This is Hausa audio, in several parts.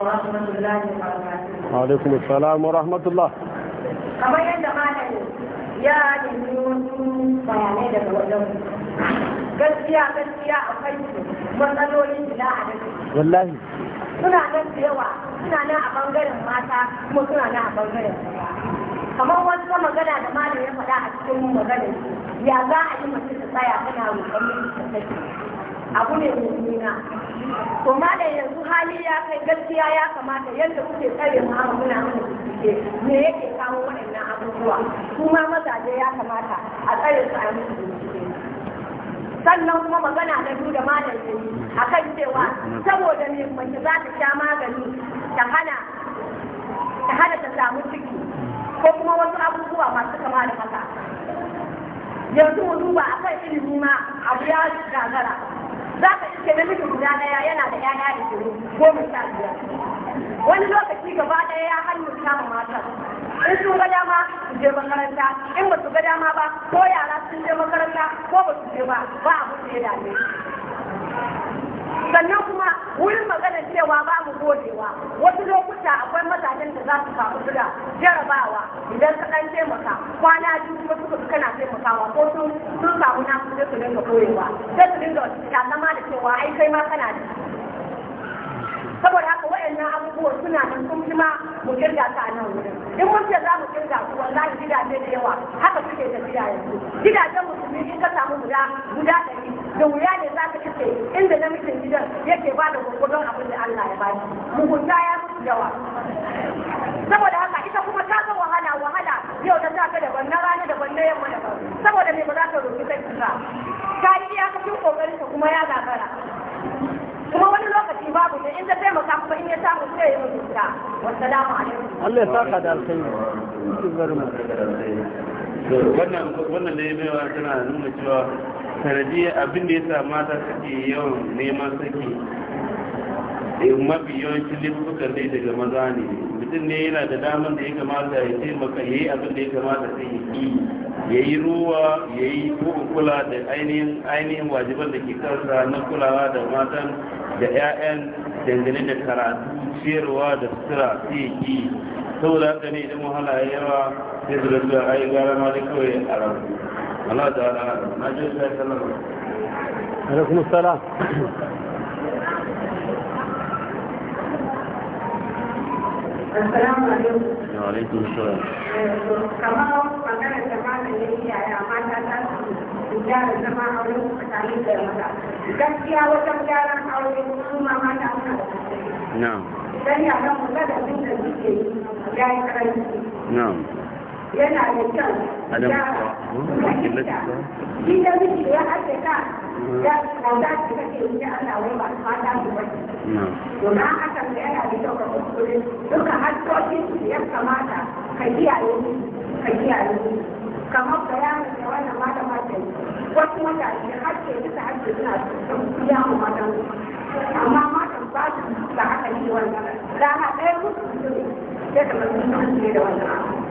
alaikum salam wa rahmatullah kamar yadda malam ya nemi wasu bayanai daga wajen gaskiya gaskiya a akwai matsalolin da a wallahi suna nan da yawa suna nan a bangaren mata kuma suna nan a bangaren kamar wasu magana da malam ya faɗa a cikin magana ya za a yi mace ta tsaya tana roƙon ta take abu ne mummuna to da yanzu hali ya kai gaskiya ya kamata yadda kuke tsare mu amma muna mana bincike me yake kawo waɗannan abubuwa kuma mazaje ya kamata a tsare su a yi bincike sannan kuma magana da biyu da malam yayi akan cewa saboda me mace za ta sha magani ta hana ta hana ta samu ciki ko kuma wasu abubuwa masu kama da haka yanzu mu duba akan ilimi ma abu ya gagara za ka iske namiji guda daya yana da ƴaƴa ishirin goma sha biyar wani lokaci gaba daya ya ta ma mata in sun ga dama su je makaranta in ba su ga dama ba ko yara sun je makaranta ko ba su je ba ba abu da ya dame sannan kuma wurin magana cewa ba mu godewa wasu lokuta akwai mazajen da za su samu suna jarabawa idan ka ɗan taimaka kwana biyu kuma suka fi kana taimakawa ko sun sun samu na su su dinga koyewa sai su dinga takama da cewa ai kai ma kana da saboda haka wayannan abubuwan suna nan sun fi ma mu kirga ta a nan wurin in mun ce za mu kirga su wallahi gidaje da yawa haka suke tafiya yanzu gidajen musulmi in ka samu guda guda ɗari da wuya ne za ka kace inda namijin gidan yake ba da gurgurdon abin da Allah ya bani mugunta ya mutu yawa saboda haka ita kuma ta ga wahala wahala yau ta ga da na rana da na yamma ban. saboda me ba za ta roki sai ba ta yi iyakacin kokarin ta kuma ya gagara kuma wani lokaci babu ne in ta taimaka kuma in ya samu sai ya rubuta wassalamu alaikum Allah ya saka da alkhairi wannan da ya baiwa tana nuna cewa sanadiyar abin da ya sa mata suke yawan neman saki eh, mafi yawancin lifukan dai daga maza ne mutum ne yana da damar da ya kamata ya taimaka ya yi abin da ya kamata sai ya yi ya yi ruwa ya yi kula da ainihin wajiban da ke kansa na kulawa da matan da 'ya'yan dangane da karatu ciyarwa da sutura sai ya yi saboda haka ne idan wahala yawa sai su da cewa gara ma dai kawai a rabu Allah da ala na je sai sallama alaikum assalam Assalamu alaikum. Wa alaikum assalam. Kamar maganar da malamin yaya mata ta su gyara zama aure tsakanin da maza. Gaskiya wajen gyaran aure su ma mata suna da Na'am. Dan ya ga mu da abin da ya yi karanci. Na'am. yana da kyau da shi da miki ya haɗe ka da kauda ki kake yi da Allah wai ba ka ta ku ba to na hakan da yana da kyau ka kuskure duka hakkokin ya kamata ka kiyaye ka kiyaye kamar bayanin da wannan malama ta yi wasu mutane hakke duka hakke suna son yawon matan amma matan ba su da haka ne wannan rana ɗaya mutum da kamar sun da wannan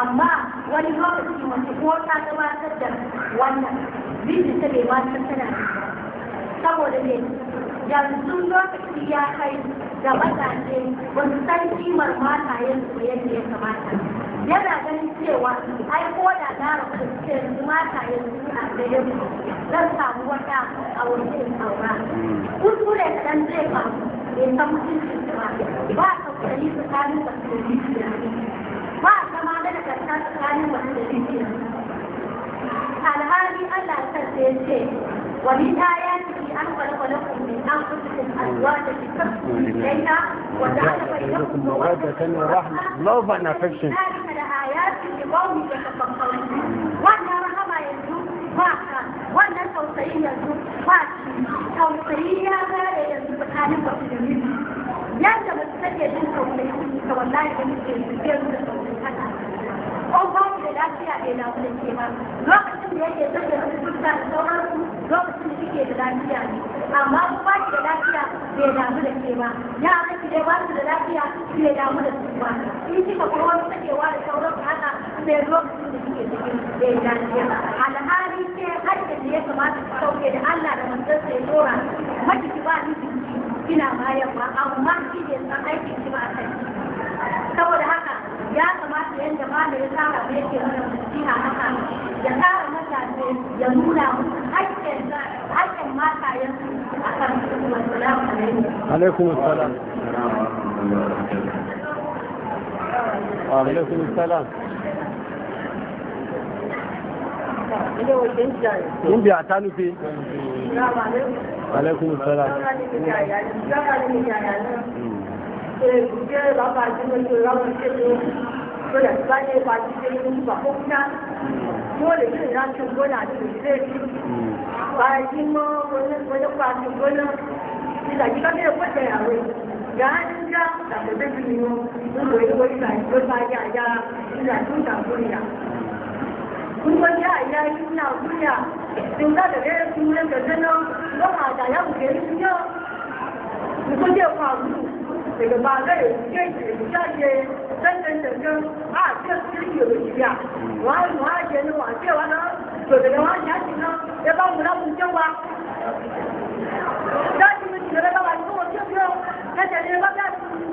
amma wani lokaci mace ko ta gabatar da wannan bijin ta bai ma tana saboda ne yanzu lokaci ya kai da mazaje ba su san kimar yanzu su yadda ya kamata yana ganin cewa ai ko da na rabu ce yanzu matayen su a gare yanzu zan samu wata a wurin aura kuskure kaɗan zai faru bai san mutuncin ba ba a tsakanin tsakanin tsakanin ba a zama tsakanin wanda da fitina alhali Allah kansa ya ce wa min ayatihi an khalaqa lakum min anfusikum azwajan litaskunu ilayha wa ja'ala bainakum mawaddatan wa rahma love and affection ذلك لآيات لقوم يتفكرون وأن رحمة يزول باكا وأن توسعي يزول باكي توسعي يا غير يزول tsakanin wasu da miji yadda ba su sake jin tausayi ta wallahi da muke da ko ba da lafiya bai na kulance ba lokacin da yake son da cututtuka da sauransu lokacin da kike da lafiya amma ko ba da lafiya bai damu da ke ba ya kake dai ba da lafiya bai damu da su ba in kika kuma wani sakewa da sauransu haka sai lokacin da kike cikin bai lafiya alhali ce hajjin da ya kamata ku sauke da Allah da manzon sai dora maki ki ba ni kina ba amma shi ne san aikin ki ba a kai saboda haka ya kamata yadda ba da ya tsara ne ke mana nasiha haka ya tsara mutane ya nuna musu haƙƙin haƙƙin matayen a kan wasu alaikum assalam alaikum assalam Yin biya ta nufi? Alaikum salam. ke buke ba ka ji ne ke rawar ke ne ko da ba ne ba ji ke ne ba ko kuma ko da ke ran cin gona ne ke ba ji mo wani wani kwa cin gona ni da ji ka ne ko da yawo ga an ja da ko da ji mo ko da ko da ko ba ya ya ni da tun da ko ya kun ga ya ya ni na ku ya tun da da 这个嘛，那有电视，有相机，等等等等，啊，这是有的机啊。我我还觉得往这完了，做这个往前行呢，要把我们那不叫啊。那你们觉得干嘛？你跟我听听，那简直把这。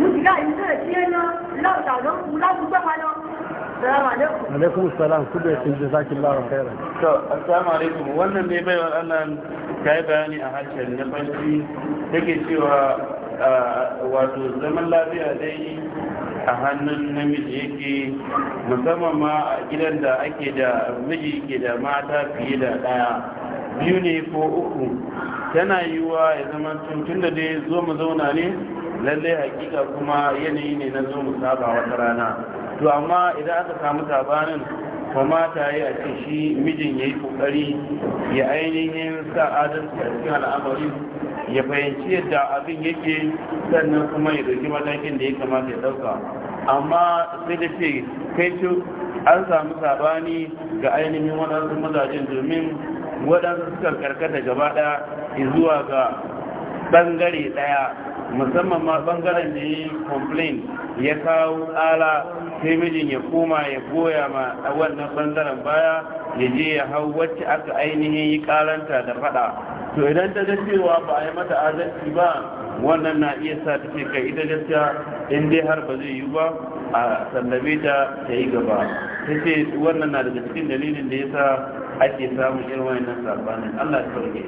nígbà yìí tó ẹ̀kí ẹ̀nà láwùjá ló kú láwùjọ padà alaikum salam ku bai tun jazaki Allah wa khairan to assalamu alaikum wannan ne bai wannan kai bayani a harshen na farki yake cewa wato zaman lafiya dai a hannun namiji yake musamman ma a gidan da ake da miji ke da mata fiye da daya biyu ne ko uku tana yiwuwa ya zama tun da dai zo mu zauna ne lallai hakika kuma yanayi ne na zo mu saba wata rana to amma idan aka samu sabanin ta yi a ce shi mijin ya yi kokari ya ainihin sa adalci a cikin al'amari ya fahimci yadda abin yake sannan kuma ya dauki matakin da ya kamata ya dauka amma sai da ce kai ce an samu sabani ga ainihin waɗansu mazajen domin waɗansu suka karkata gaba ɗaya zuwa ga bangare ɗaya musamman ma bangaren da yi complain ya kawo tsala sai mijin ya koma ya goya ma a wannan bangaren baya ya je ya hau wacce aka ainihin yi karanta da fada to idan ta ga cewa ba a yi mata adalci ba wannan na iya sa ta ce kai ita gaskiya in dai har ba zai yi ba a sallame ta ta yi gaba ta ce wannan na daga cikin dalilin da ya sa ake samun irin wannan sabanin allah ya sauke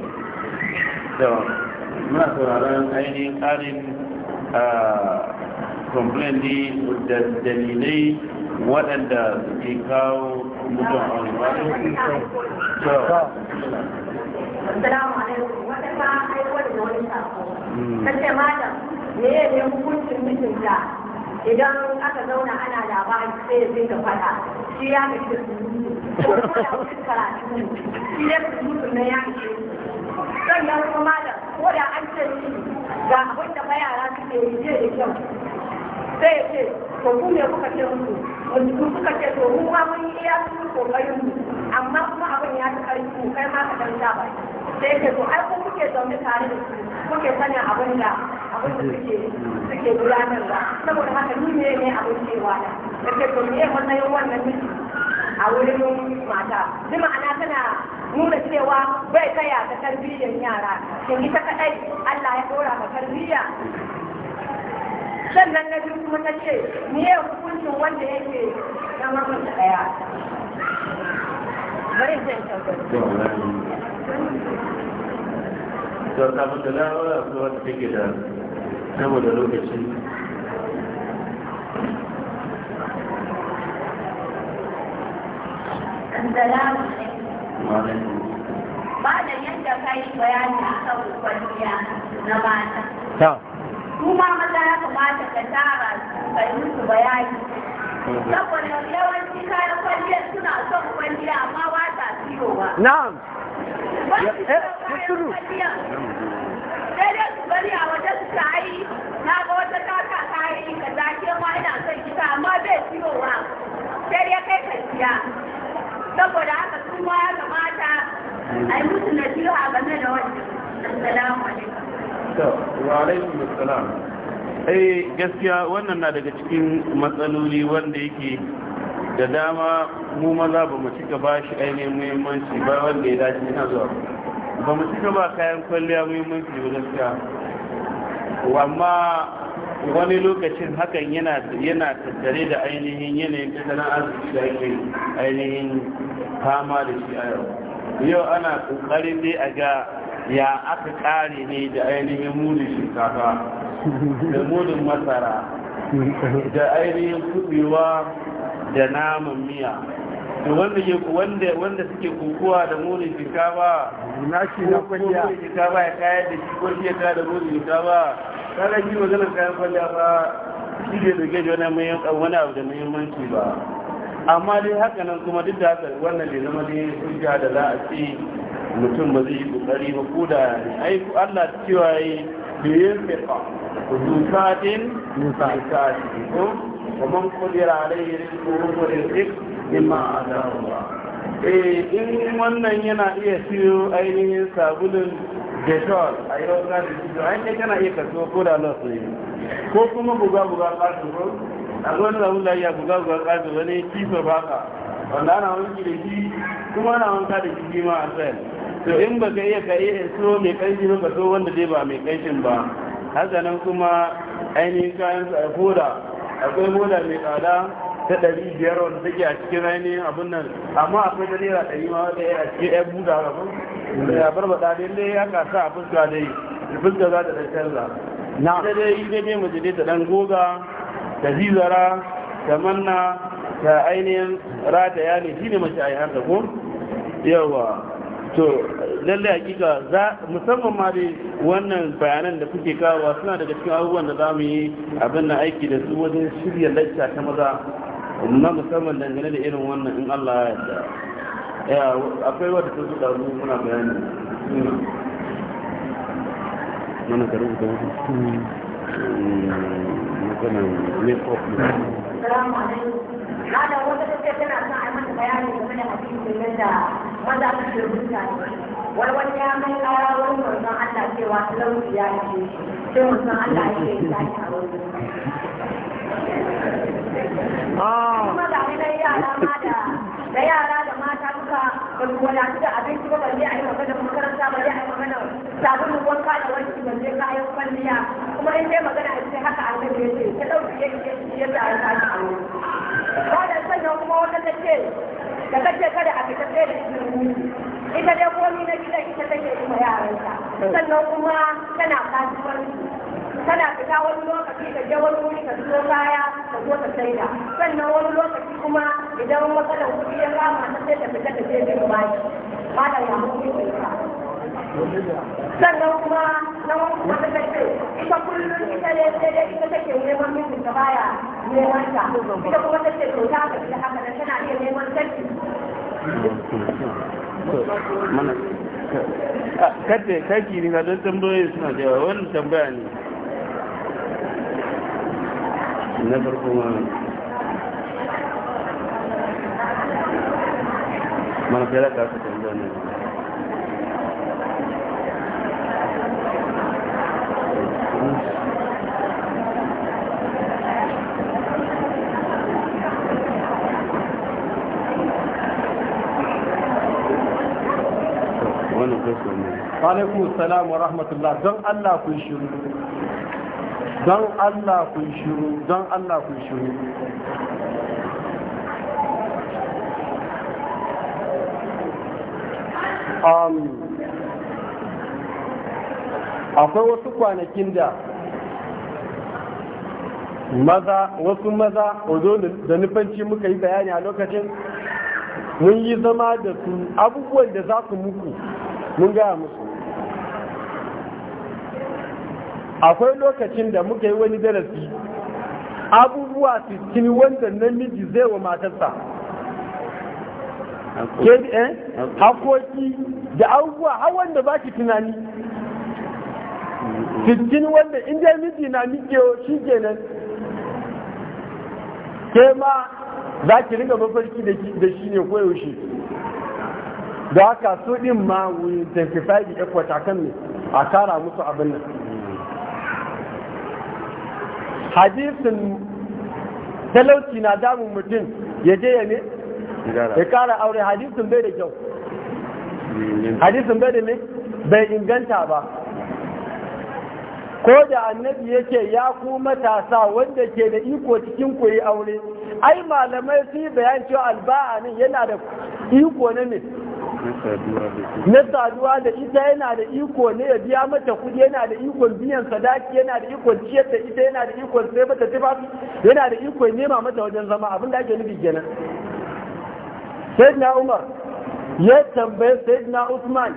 muna sauraron ainihin ƙarin complain ne da dalilai waɗanda suke kawo mutum a wani Assalamu alaikum wata da wani ya hmm. idan aka zauna ana labari sai ya dinga fada shi ya ga shi da su. Ko da karatu shi ya su na ya sannan kuma da, ko da an ce shi ga abin da yara suke yi je da kyau sai ce to ku ne kuka ce musu wanda ku suka ce to mu ma mun yi iya su kokarin mu amma kuma abin ya ta kai ku, kai ma ka dan ba sai ce to ai ku kuke zaune tare da su kuke sanin abin da abin da suke suke gudanarwa saboda haka ni ne ne abin cewa da kace to me wannan wannan a wurin mata bi ma'ana tana nuna cewa bai tsaya ta tarbiyyar yara shin ita kadai Allah ya dora ma tarbiyya sannan na biyu kuma ta ce ni ya hukuncin wanda yake na mamanta daya bari zai da da Malam yadda ka bayani a kan kwalliya na mata. Kuma maza ya kamata ka tara ka yi musu bayani. Saboda yawanci kayan kwalliya suna son kwalliya amma ba ta siyowa. Na'am. Ba su eh, kayan kwalliya. Sai dai su bari a waje su ta yi na ga wata kaka ta yi ka zake ma ina son kita amma bai siyowa. Sai dai kai ka siya. saboda haka sun ya kamata a yi musu nasiha game da wannan assalamu alaikum wa alaikum assalam eh gaskiya wannan na daga cikin matsaloli wanda yake da dama mu maza ba mu cika ba shi ainihin muhimmanci ba wanda ya dace yana zuwa ba mu cika ba kayan kwalliya muhimmanci ba gaskiya amma wani lokacin hakan yana tattare da ainihin yanayin tattalin arziki da ake ainihin fama da shi a yau yau ana kokari dai a ga ya aka kare ne da ainihin mudin shinkafa da mudin masara da ainihin kubewa da naman miya wanda ke wanda wanda suke kokowa da murin shinkafa na shi na kwanya shinkafa ya kayar da shi ko shi ya kayar da murin shinkafa kaga shi maganar kayan kwalliya fa shi ne da gaji wani mai yankan wani abu da muhimmanci ba amma dai haka nan kuma duk da haka wannan ne zama dai hujja da za a ce mutum ba zai yi kokari ba ko da ai ku Allah cewa yi biyin fiqa dukatin dukati ko ومن قدر عليه رزقه فليرزق بما آتاه الله eh in wannan yana iya siyo ainihin sabulun gashon a yi wasu nasu su an ce kana iya kasuwa ko da allah su ne ko kuma buga buga kasu ko a zuwa da wula ya buga buga kasu wani kifa baka wanda ana wanki da shi kuma ana wanka da shi ma a tsayin to in ba ka iya ka iya so mai kanshi ba ka wanda dai ba mai kanshin ba haka nan kuma ainihin kayan sa a koda akwai moda mai tsada ta ɗari biyar wanda take a cikin ainihin abin nan amma akwai da naira ɗari ma wanda ya cikin ɗaya buda ga kun ya bar ba ɗari dai ya kasa a fuska dai fuska za ta ɗan canza na da dai ita ne mace dai ta ɗan goga ta zizara ta manna ta ainihin rata ya ne shi ne mace a yi da ko yawa to lalle hakika za musamman ma dai wannan bayanan da kuke kawo suna daga cikin abubuwan da za mu yi abin da aiki da su wajen shirya lacca ta maza na musamman dangane da irin wannan in Allah ya yarda ya akwai wadda ta zuɗa mu muna bayani mana ka rubuta wani hmm, maganan make tana son a mata bayani game da hadisin da Wani wani ya mai ƙara manzon Allah cewa talauci ya sai Allah ya ya ah. kuma ga ni dai yara ma da da yara da mata duka ba su da abinci ba balle a yi magana makaranta balle a yi magana sabon wanka da wanki balle kayan kwalliya kuma in dai magana a cikin haka a gaje ce talauci ya ce ya ce a yi tashi a ba da sannan kuma wata ta ce da kace kada a fita sai da izinin ita da komi na gida ita take kuma yaranta sannan kuma tana kasuwanci tana fita wani lokaci ka je wani wuri ka zo kaya ka zo ka saida sannan wani lokaci kuma idan matsalar kuɗi ya kama ta sai ta fita ta je ta bashi malam ya mutu ne sannan kuma na wani kuma ta kace ita kullum ita ne sai dai ita take neman mijin ta baya neman ta ita kuma ce to ta ga haka nan tana iya neman sarki kada kaki ne don tambayoyi suna da yawa wani tambaya ne na farko mana da kasa tambaya ne alaikum salam wa rahmatullah don Allah kun shiru don Allah kun shiru don Allah kun shiru um, akwai wasu kwanakin da maza wasu maza ozo da nufanci muka yi bayani a lokacin mun yi zama da su abubuwan da za ku muku mun gaya musu akwai lokacin da muka yi wani darasi abubuwa sittin wanda namiji zai wa matarsa kdn eh? hakoki da abubuwa har wanda ba ki tunani sittin wanda inda miji na mikewa shi kenan ke ma za ki riga mafarki da shi ne koyaushe da haka su ɗin ma wuyin 25 ekwata kan ne a tara musu abin nan hadisin talauci na damun mutum ya je ya ne ya kara aure hadisin bai da kyau hadisin bai da ne bai inganta ba ko da annabi yake ya ku matasa wanda ke da iko cikin koyi aure ai malamai su yi bayan cewa alba'a yana da iko na ne na saduwa da ita yana da iko ne ya biya mata kudi yana da ikon biyan sadaki yana da ikon ciyar da ita yana da ikon sai mata tufafi yana da ikon nema mata wajen zama abin da ake nufi kenan sai na umar ya tambaye sai na usman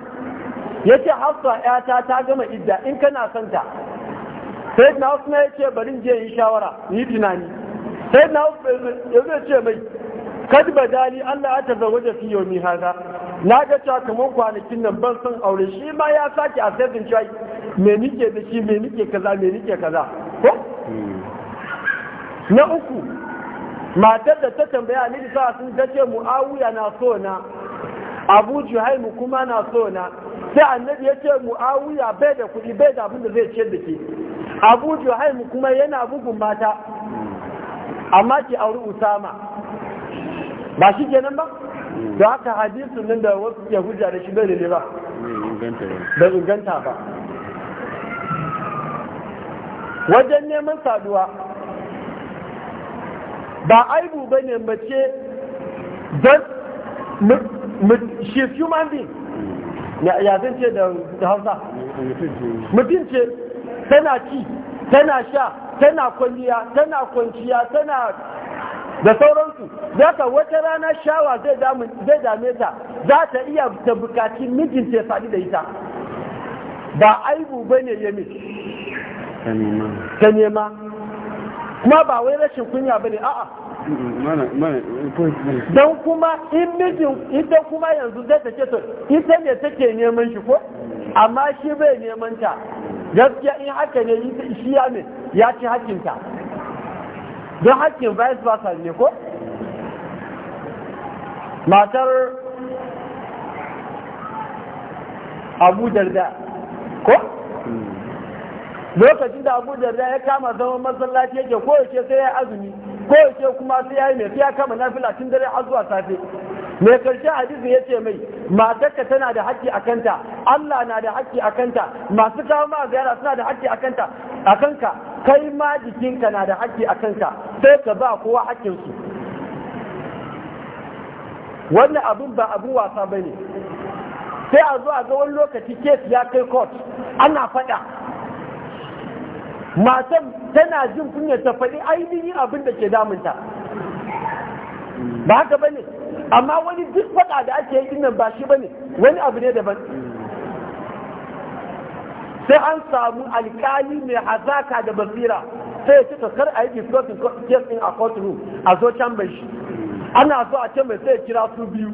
ya ce hafsa yata ta gama idda in kana son ta sai na usman ya ce bari je yi shawara yi tunani sai na usman ya ce mai kad badali Allah ta zawaja fi yomi hada na ga cewa kamar kwanakin nan ban san aure shi ma ya sake a sai cewa me nike da shi me nike kaza me nike kaza ko na uku matar da ta tambaya ni da sa sun tace muawiya na so na abu juhaimu kuma na so na sai annabi ya ce muawiya bai da kuɗi bai da abin da zai ce da ke abu juhaimu kuma yana bugun mata amma ki auri usama ba shi kenan ba da haka hadisun nan da wasu ke hujja da shi bai ne ba bai inganta ba wajen neman saduwa ba aibu ba ne mace don shi human being ya zan da hausa mutum ce tana ci tana sha tana kwalliya tana kwanciya tana da sauransu zaka wata rana shawa zai dame ta za ta iya ta bukaci mijinta ya faɗi da ita ba aibu ba ne ya ta nema kuma ba wai rashin kunya ba ne a'a don kuma in mijin ita kuma yanzu zai ta ce to ita ne take neman shi ko amma shi bai neman ta gaskiya in haka ne shi ya ne ya ci hakinta don hakkin vice versa ne ko matar abu darda ko lokacin da abu darda ya kama zaman masallaci yake ko yake sai ya azumi ko yake kuma sai ya yi mai fiya kama nafila tun dare azuwa zuwa safe mai karshe hadisi ya ce mai matarka tana da haƙƙi a kanta Allah na da haƙƙi a kanta masu kawo ma suna da haƙƙi a kanta a kanka kai ma jikinka na da haƙƙi a kanka sai ka ba kowa haƙƙinsu wannan abin ba abin wasa ba ne sai a zo a ga wani lokaci kes ya kai kot, ana faɗa matan tana jin kunyar ta faɗi ainihin abin da ke damunta ba haka ba ne amma wani duk faɗa da ake yi nan ba shi ba ne wani abu ne daban sai an samu alkali mai hazaka da basira sai ya ka kar a yi discussing case a court room a zo can shi ana so a can bai sai ya kira su biyu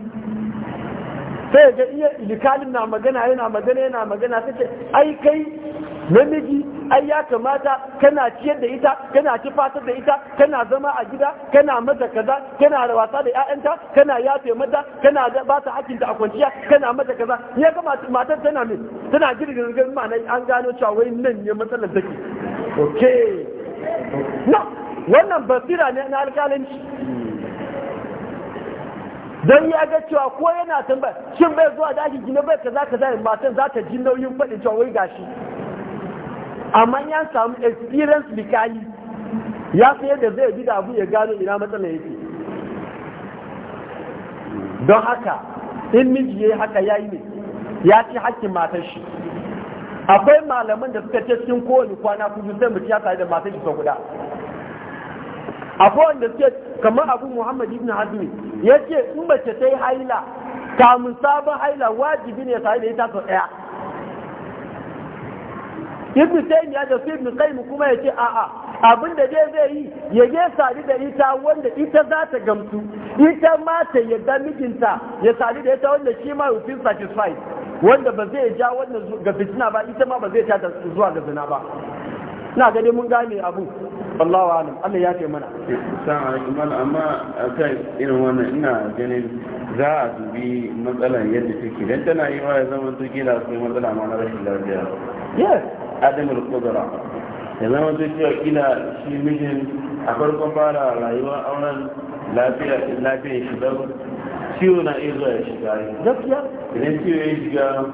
sai ga iya ilikalin na magana yana magana yana magana sai ce ai kai namiji ai ya kamata kana ciyar da ita kana kifatar da ita kana zama a gida kana mata kaza kana wasa da ƴaƴanta kana yafe mata kana ba ta hakinta a kwanciya kana mata kaza ya ga matar tana min tana girgin girgin nan an gano cewa wai nan ne matsalar take okay na wannan basira ne na alƙalanci don ya ga cewa ko yana tambaya shin bai zuwa daki gina bai kaza kaza matan za ta ji nauyin faɗin cewa wai gashi amma ya samu experience bikali ya fi yadda zai bi da abu ya gano ina matsala yake don haka in miji ya yi haka ya yi ne ya ci hakkin matar shi akwai malaman da suka ce cikin kowane kwana kudu sai mutu ya tare da matar shi sau guda akwai wanda suke kamar abu muhammad ibn hazmi ya ce in mace ta yi haila kamun sabon haila wajibi ne tare da ita sau ɗaya ibnu taymiya da su ibnu qayyim kuma yace a'a abin da dai zai yi ya je sadi da ita wanda ita za ta gamsu ita ma ta yadda mijinta ya sadi da ita wanda shi ma yufin satisfied wanda ba zai ja wannan ga fitina ba ita ma ba zai ta zuwa ga zina ba na gani mun gane abu wallahu alam Allah ya ce mana assalamu kuma amma kai irin wannan ina ganin za a dubi matsalar yadda take dan tana yi wa ya zama to kila sai matsala ma na rashin lafiya yes adamin kudura ya zama zai cewa kila shi mijin a farkon fara rayuwa auren lafiya lafiya shiga ciwo na iya zuwa ya shiga gaskiya idan ciwo ya shiga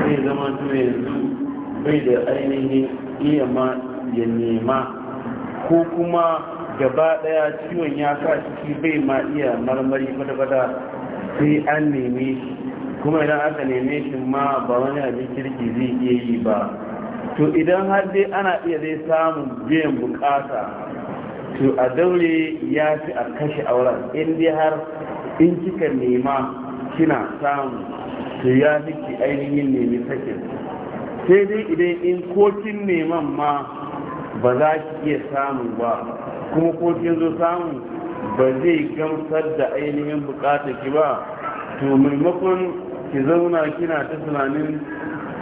zai zama to yanzu bai da ainihin iya ma ya nema ko kuma gaba daya ciwon ya sa ciki bai ma iya marmari kwata-kwata sai an neme shi kuma idan aka neme shi ma ba wani abin kirki zai iya yi ba to idan har dai ana iya dai samun biyan bukata to a daure ya fi a kashe auren in dai har in kika nema kina samu to ya fi ki ainihin nemi sakin sai dai idan in kokin neman ma ba za ki iya samu ba kuma kokin zo samu ba zai gamsar da ainihin bukata ki ba to maimakon ki zauna kina ta tunanin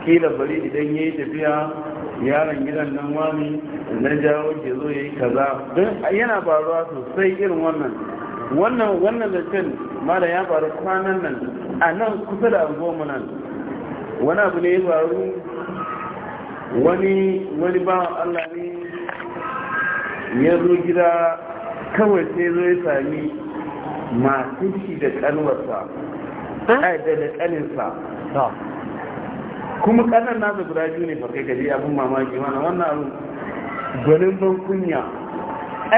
kila bari idan ya yi tafiya yaron gidan nan wani na jawo ke zo ya yi kaza yana faruwa sosai irin wannan wannan wannan zancen ma da ya faru kwanan nan a nan kusa da goma nan wani abu ne ya faru wani wani ba Allah ne ya zo gida kawai sai zo ya sami masu shi da kanwarsa da da kaninsa kuma kanan nasa guda biyu ne farkai gaji abin mamaki mana wannan abin gwanin ban kunya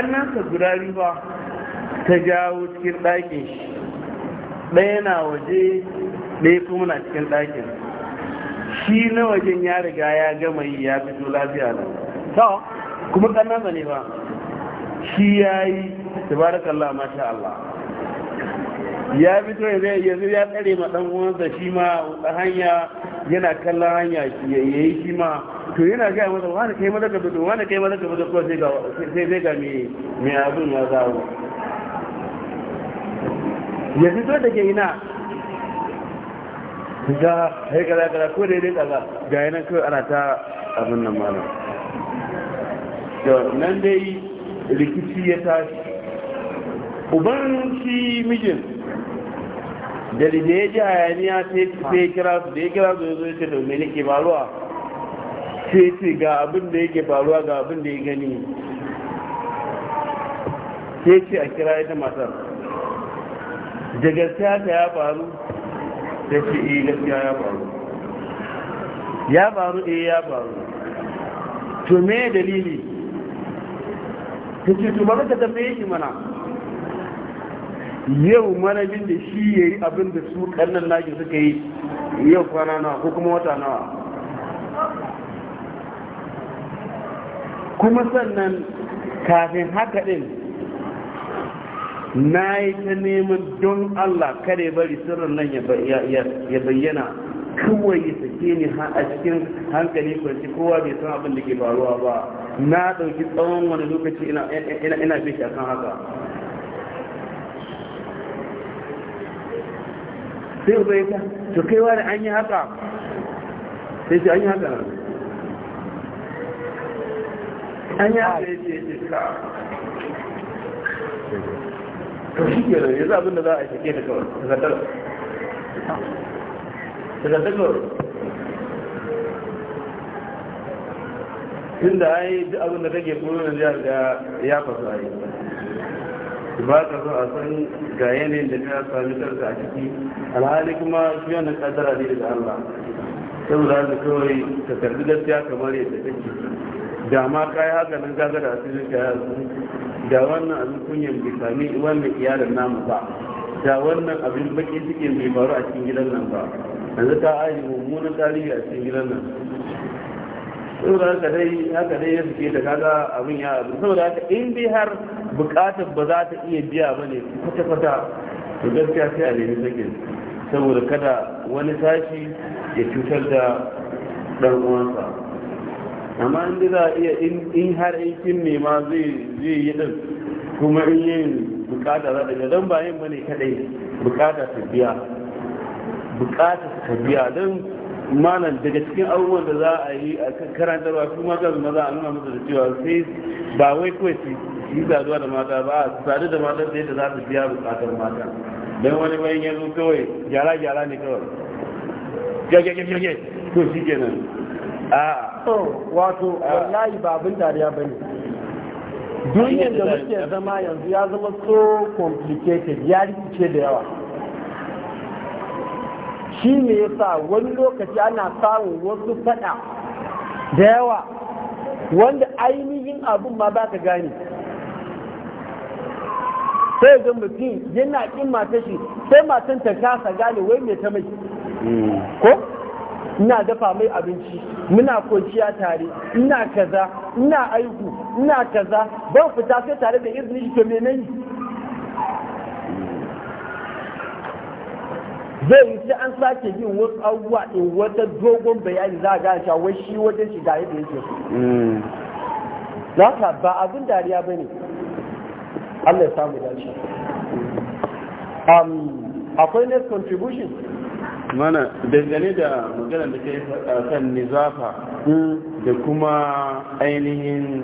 nasa guda biyu ba ta jawo cikin ɗakin shi ɗaya na waje ɗaya kuma na cikin ɗakin shi na wajen ya riga ya gama yi ya fito lafiya da. to kuma ƙannansa ne ba shi ya yi tabarakallah masha Allah ya fito yanzu ya tsare ma ɗan uwansa shi ma hanya yana kallon hanya ya yi shi ma to yana gaya masa wani kai maza ka wani kai maza ka fito sai zai ga mai abin ya zawo ya so da ke ina ga hai kaza kaza ko da yadda kaza ga yana kawai ana ta abin nan mana, to nan dai rikici ya tashi uban shi mijin da da ya ji hayaniya sai kira su da ya kira su ya zo ya ce da mai faruwa sai ce ga abin da yake faruwa ga abin da ya gani sai ce a kira ita matar da gaskiya ta ya faru da ce eh gaskiya ya faru ya faru eh ya faru to me dalili ta ce to ka tafiye shi mana yau manajin da shi ya yi abin da su kannan naki suka yi yau kwana nawa ko kuma wata nawa kuma sannan kafin haka ɗin na yi ta neman don allah kare bari sirrin nan ya bayyana kawai ya sake ni a cikin hankali kwanci kowa bai san abin da ke faruwa ba na ɗauki tsawon wani lokaci ina shi a akan haka sai ba ya to kai wani an yi haka sai ce an yi haka nan an yi haka ya ce ya ce ka to shi ke nan yanzu abin da za a shake da kawai ta zartar zartar kawai tun da ya yi duk abin da kake kuma ya fasa a yi ba ka zo a san ga yanayin da ka sami karka a ciki alhali kuma shi wannan kadara ne daga Allah saboda da kawai ka karbi gaskiya kamar yadda kake da ma ka yi haka nan kaga da asirin ka ya da wannan abin kunyan bai sami wannan iyalin namu ba da wannan abin baki suke bai faru a cikin gidan nan ba yanzu ta aji mummunan tarihi a cikin gidan nan saboda haka dai haka dai ya suke da kaga abin ya abin saboda haka in dai har bukatar ba za ta iya biya ba ne kwata-kwata to gaskiya sai a nemi sakin saboda kada wani tashi ya cutar da ɗan uwansa amma inda za a iya in har aikin ne ma zai yi ɗin kuma in yin bukata za ta biya don ba yin ba ne kaɗai bukata ta biya bukatar ta biya don malam daga cikin abubuwan da za a yi a karantarwa su maza maza a nuna musu da cewa sai ba wai kawai yi saduwa da mata ba a sadu da mata sai da za su biya bukatar mata don wani bayan yanzu kawai gyara gyara ne kawai wato wallahi ba dariya ba duniyar da muke zama yanzu ya zama so complicated ya rikice da yawa shi ne ya sa wani lokaci ana samun wasu fada da yawa wanda ainihin abin ma ba ka gane sai ga mutum yana kin matar shi sai matan ta kasa gane wai mai ta mai ko ina dafa mai abinci muna kwanciya tare ina kaza ina aiku ina kaza ban fita sai tare da izini shi to me nayi zai yi sai an sake yin wasu abubuwa in wata dogon bayani za a gane cewa shi wajen shiga yadda yake so. Mm. Za ba abin dariya ba ne, Allah ya samu dace akwai net contribution mana dangane da magana da ke kan nizafa hmm. da kuma ainihin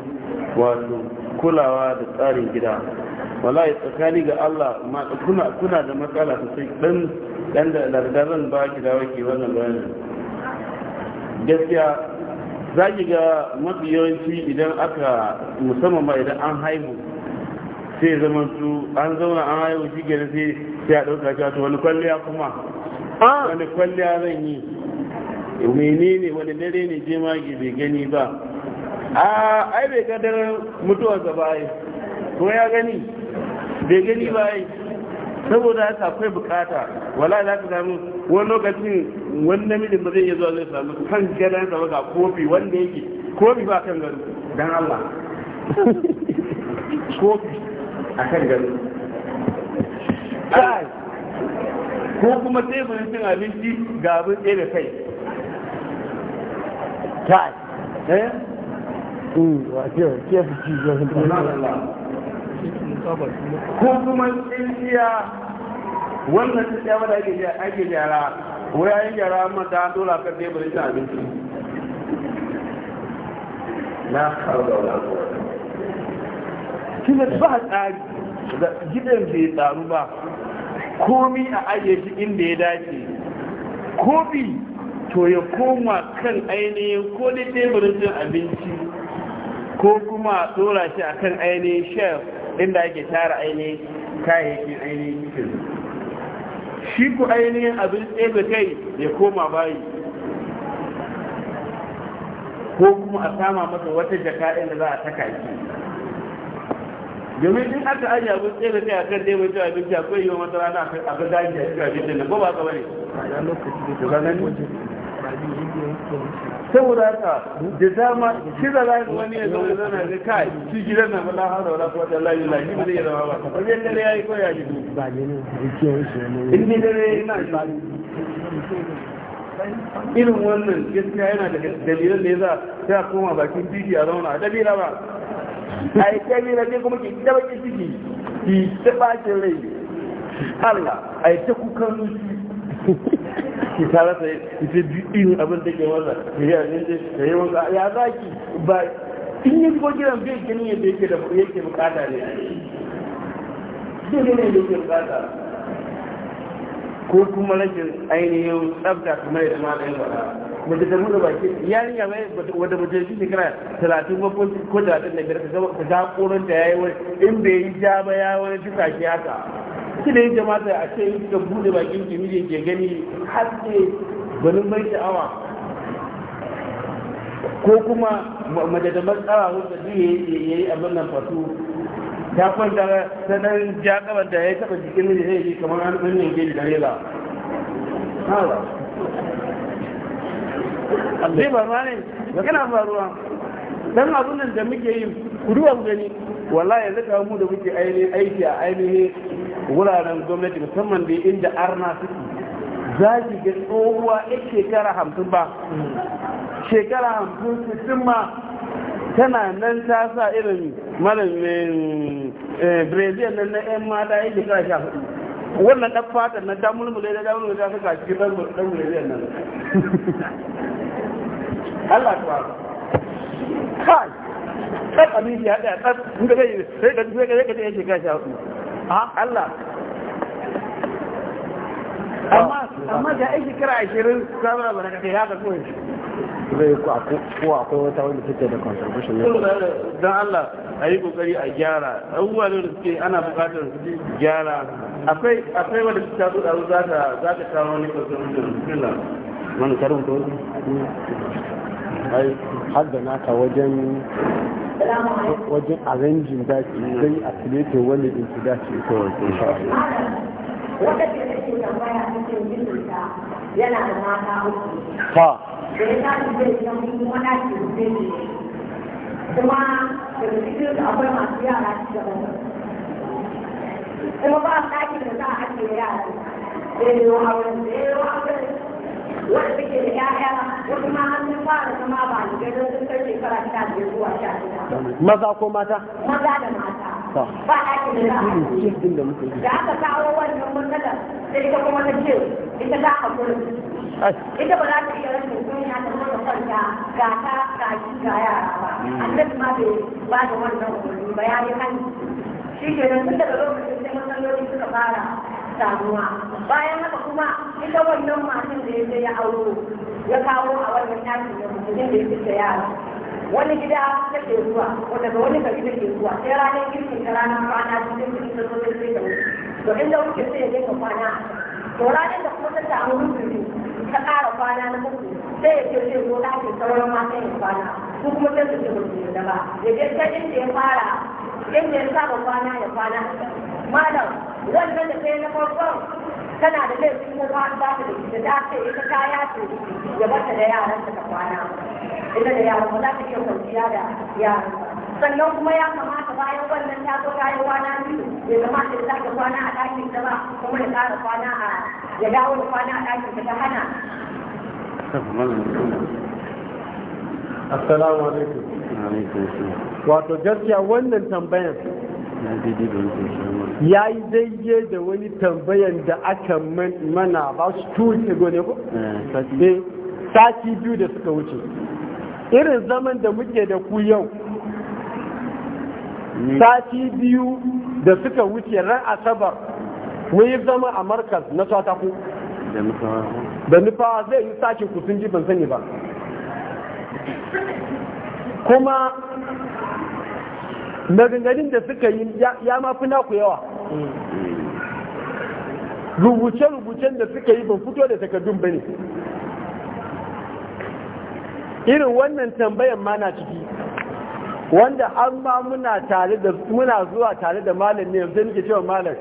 wato kulawa da tsarin gida wallahi tsakani ga Allah kuna kuna da matsala sosai dan dan da lardaran ba ki da wake wannan bayanin gaskiya za ki ga mafi yawanci idan aka musamman ma idan an haihu sai zama su an zauna an haihu shi gani sai sai a ɗauka a to wani kwalliya kuma wani kwalliya zan yi ne wani dare ne je magi bai gani ba a ai bai kadar mutuwarsa ba ai ko ya gani bai gani ba saboda haka akwai bukata wala za ka samu wani lokacin wani namijin ba zai iya zuwa zai samu kan gadon sa ga kofi wanda yake kofi ba kan gado don Allah kofi a kan gado ko kuma teburin cin abinci ga abin da kai kai eh? Hmm, wa ke ke fi ci ko kuma tsintiya wannan tsintiya wadda ake gyara jara amma mata an dola a dai teburin cin abinci na kawo da wadatarwa tilas ba tsari gidan bai tsaru ba komi a ajiye shi inda ya dace bi to ya koma kan ainihin ko da teburin abinci ko kuma tsora shi a kan ainihin shef inda ake tara ainihin kayayyakin ainihin cikin shi ku ainihin abin tsebe kai ya koma bayi ko kuma a sama masa wata jaka inda za a taka shi domin in aka ajiye abin tsere kai akan dai mai cewa abinci akwai yiwu wata rana a ga daji a cikin abincin nan ko ba ka bane saboda haka da dama shi da zai wani ya zama zana ga kai shi gidan na mala hada wala ko da layi layi ba zai zama ba ba zai dare yayi ko ya ji ba ne ne in ni dare ina irin wannan gaskiya yana da dalilan da ya za ta koma bakin titi a zauna a dabila ba a yi kai na ne kuma ke ta baki ciki ki ta bacin rai Allah a yi ta kukan ki tara ta yi ta biyu abin da ke wasa ya yi wasa ya za ba in yi ko gidan bai gani yadda yake da yake bukata ne bai gani yadda yake bukata ko kuma rashin ainihin tsabta kamar yadda ma ɗaya ba ta tamu da baki yarinya mai wanda mutum shi shekara talatin ba ko talatin da biyar ka ga koron da ya yi wani in bai yi ja ba ya wani tuka shi haka shi da ya jamata a ce yi ka bude bakin ki mijin ke gani har haske gwanin mai sha'awa ko kuma majadamar tsara wanda zai yi abin nan fasu ya kwanta ta nan ja kaban da ya taba jikin mijin zai yi kamar an ɗanyen gini da rela. zai faruwa ne ba kana faruwa dan abun nan da muke yi ku ku gani wallahi yanzu kawo mu da muke aiki a ainihin wuraren gwamnati musamman da inda arna suke za ki ga tsohuwa yake shekara hamsin ba shekara hamsin su ma tana nan ta sa irin malamin eh, brazil nan na 'yan mata yake shekara sha hudu wannan ɗan fatar na damulmule da damulmule da suka cikin damulmule nan Allah ta wa kai tsar abinci ya ɗaya tsar inda zai yi sai ka zai ka zai ka gashi haku a Allah amma amma da aiki kira ashirin sabara ba na kasai ya ka koyi zai ko akwai wata wanda take da contribution ne don Allah a yi kokari a gyara abubuwa da suke ana bukatar su gyara akwai akwai wanda su ta zuɗa za ta za ta kawo wani kwasar da bismillah Wani karin ko ai har da naka wajen wajen arrangin da ke zai a tilete wani in su dace kawai ko sha wanda ke da ke tambaya a cikin jirginta yana da mata uku ta da ya tashi zai yi kuma ɗaki zai kuma daga cikin akwai masu yara cikin kuma ba ɗakin da za a ake da yara zai yi auren zai yi auren da ƴaƴa wasu ma an sun fara zama ba ni gado sun kai shekara sha zuwa sha shida maza ko mata maza da mata ba ɗakin da za a ake da aka kawo wannan ita kuma ta ce ita za a kula. ita ba za ta iya rashin kunya ta kuma kwanta ga ta ga shi ga yara ba hmm. annabi ma bai ba da wannan umarni ba ya yi shi ke nan tun daga lokacin sai matsaloli suka fara samuwa bayan haka kuma ita wannan matan da ya je ya auro ya kawo a wannan yakin da mutumin da ya fita yara wani gida ke zuwa ko daga wani gari ke zuwa sai ranar girkin ta ranar kwana cikin kudi da zo sai da wuce to inda wuce sai ya dinga kwana to ranar da kuma ta samu rukuni ta kara kwana na uku sai ya ce zai ɗakin sauran matan kwana kuma ba inda ya fara inda ya saba kwana kwana malam na tana da laifin ko ta da ta ya bata da yaran kwana da ba za ta iya da sannan kuma ya kamata bayan wannan ta zo ta yi kwana biyu ya kamata kwana a ɗakin ba kuma kwana a ya dawo da kwana a ɗakin ta hana assalamu alaikum wato gaskiya wannan tambayan ya yi daidai da wani tambayan da aka mana ba su tuce gone ko? Eh, eh, sati biyu da suka wuce irin zaman da muke da ku yau sati biyu da suka wuce ran asabar mun yi zama a markas na ku? da nufa zai yi sake kusun ji ban sani ba kuma maganganun da suka yi ya mafi naku yawa rubuce-rubucen da suka yi ban fito da takardun ba ne irin wannan tambayan ma na ciki wanda an ba muna zuwa tare da malam ne yanzu nike cewa malam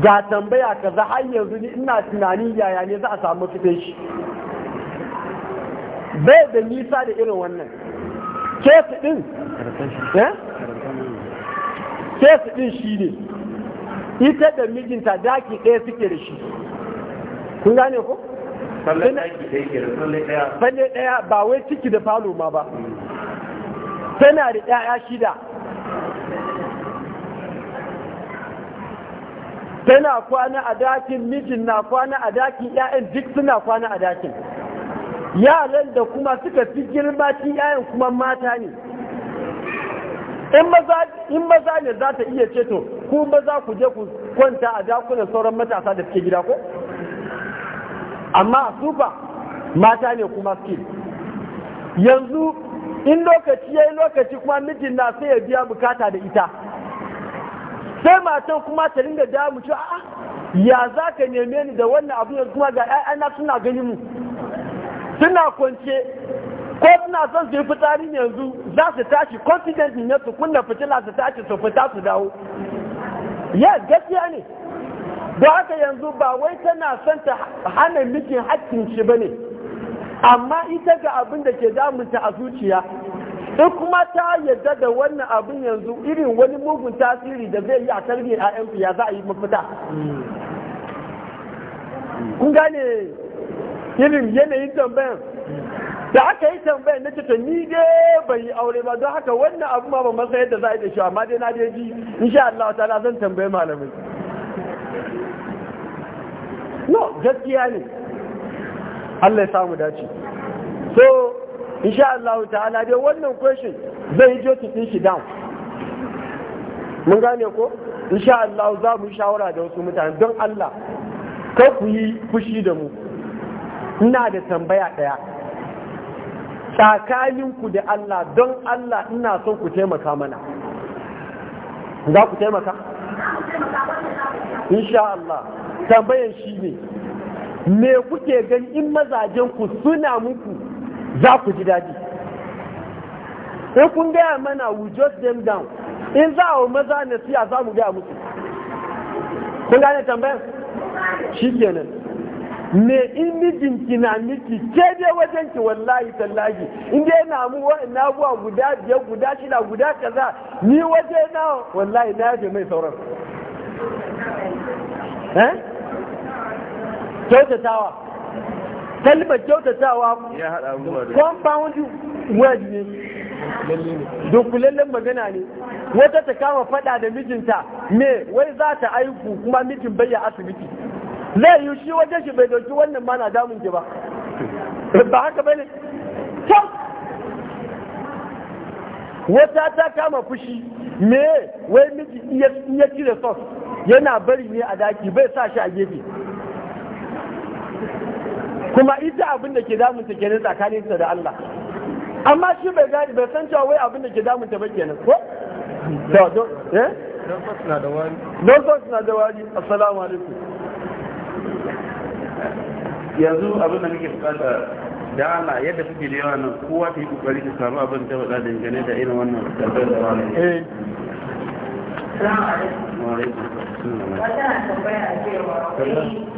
ga tambaya ka za har yanzu ni ina tunani yaya ne za a samu fitan shi bai da nisa da irin wannan kesu din kesu eh? din shi ne ita da mijinta daki ɗaya suke da shi kun gane ko? falle ɗaya ba wai ciki da falo ma ba tana da 'ya'ya shida tana kwana a dakin mijin na kwana a dakin ƴaƴan duk suna kwana a dakin yaran da kuma suka fi girma ci ƴaƴan kuma mata ne in maza ne za ta iya ceto ku maza ku je ku kwanta a dakunan sauran matasa da suke gida ko amma su ba mata ne kuma suke yanzu in lokaci ya yi lokaci kuma mijin na sai ya biya bukata da ita sai matan kuma ta ringa da mu a ya za ka neme ni da wannan abu yanzu kuma ga ana suna gani mu suna kwance ko suna son su yi fitsari yanzu za su tashi confident ne su kunna fitila su tashi su fita su dawo yes gaskiya ne don haka yanzu ba wai tana son ta hana mijin haƙƙin shi ba ne amma ita ga abin da ke damunta a zuciya in kuma ta yadda da wannan abin yanzu irin wani mugun tasiri da zai yi a a yan ya za a yi mafita kun gane irin yanayin tambayan da aka yi tambayar na cikin ni dai bai yi aure ba don haka wannan abu ma ba masa yadda za a yi da shi amma dai na daji in sha Allah ta zan tambayi malamai no gaskiya ne Allah ya samu dace so insha Allah ta'ala dai wannan question zai jo to take down mun gane ko insha Allah za mu shawara da wasu mutane don Allah ka ku yi fushi da mu ina da tambaya daya tsakaninku da Allah don Allah ina son ku taimaka mana za ku taimaka insha Allah tambayan shi ne me kuke gani in mazajen ku suna muku za ku ji daɗi in kun gaya mana we just them down in za a maza na siya za mu gaya musu kun gane tambayar shi kenan me in mijinki na miki ke dai wajen ki wallahi tallahi in dai na mu wa'annan buwa guda biyar guda shida guda kaza ni waje na wallahi na yaje mai sauran eh kyautatawa kalmar kyautatawa compound word ne dunkulallen magana ne wata ta kama fada da mijinta me wai za ta aiku kuma mijin bayya asibiti zai yi shi wajen shi bai dauki wannan mana na damun ke ba ba haka bane kyau wata ta kama fushi me wai miji iya cire sauce yana bari ne a daki bai sa shi a gefe kuma ita abin da ke damunta kenan tsakaninsa da Allah amma shi bai gani bai san cewa wai abin da ke damunta ba kenan ko to don eh don fasna da wani don da wani assalamu alaikum yanzu abin da nake bukata da Allah yadda kuke da yawa nan kowa ta yi kokari ta samu abin da wada dangane da irin wannan tsakanin da wani eh assalamu alaikum wa alaikum assalam tambaya eh,